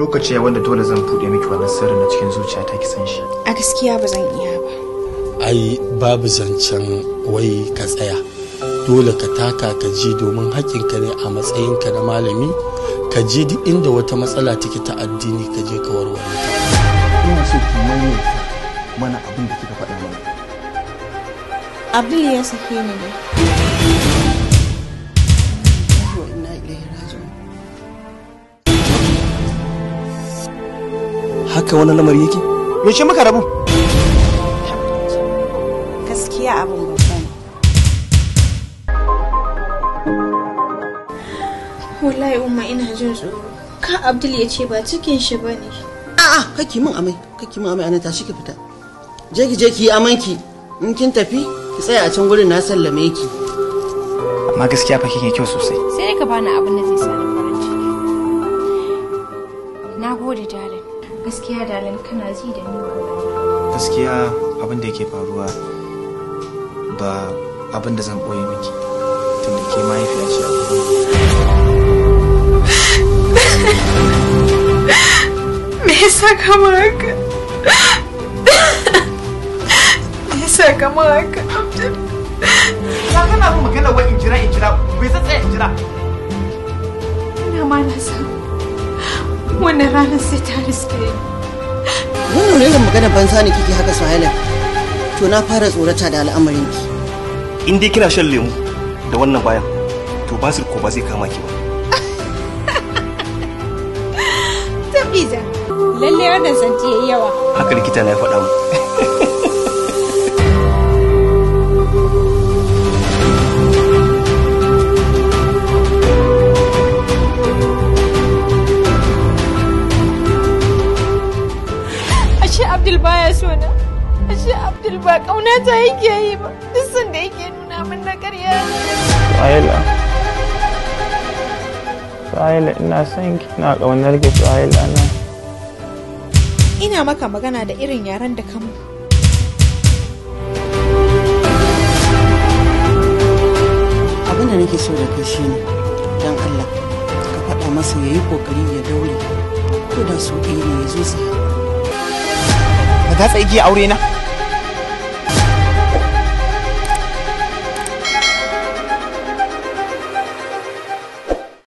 lokaci ya wanda dole zan buɗe miki wannan sirrin na cikin zuciya ki san shi a gaskiya ba zan iya ba ai babu zancen wai ka tsaya dole ka taka ka je domin ka ne a matsayinka na malami ka je duk inda wata matsala take ta addini ka je ka warware ta ina so ki mai mana abin da kika faɗa mana abdul ya sake ni ne haka wani lamari yake yaushe muka rabu gaskiya abin babba wallahi umma ina jin tsoro ka abdul ya ce ba cikin shi ba ne a'a kake min amai kake min amai ana tashi ki fita je ki je ki yi amanki in kin tafi ki tsaya a can gurin na sallame ki amma gaskiya fa kike kyau sosai sai ka bani abin da zai sa ni farin ciki na gode darling gaskiya dalil kana ji da ni wallahi gaskiya abin da yake faruwa ba abin da zan koyi miki da ke mahaifiya ce a me yasa kamar haka me yasa kamar haka ya kana mun magana wa in jira in jira bai tsaya in jira ina ma na san wannan ranar sai ta riske ni wannan da magana banza sani kike haka suhaila to na fara tsorata da al'amarin ki in dai kina shan lemu da wannan bayan to basir ko ba zai kama ki ba tabiza lalle wannan zanti yayi yawa haka likita na ya faɗa mu Abdul ya so na. Ashe Abdul ba kauna ta yake yi ba. Duk san da yake nuna min na ƙarya. Suhaila. Suhaila ina son ki na kaunar ki Suhaila na. Ina maka magana da irin yaren da kamu. Abin da nake so da kai shine dan Allah ka faɗa masa yayi kokari ya daure ko da su ne ya zo su ka tsaye aure na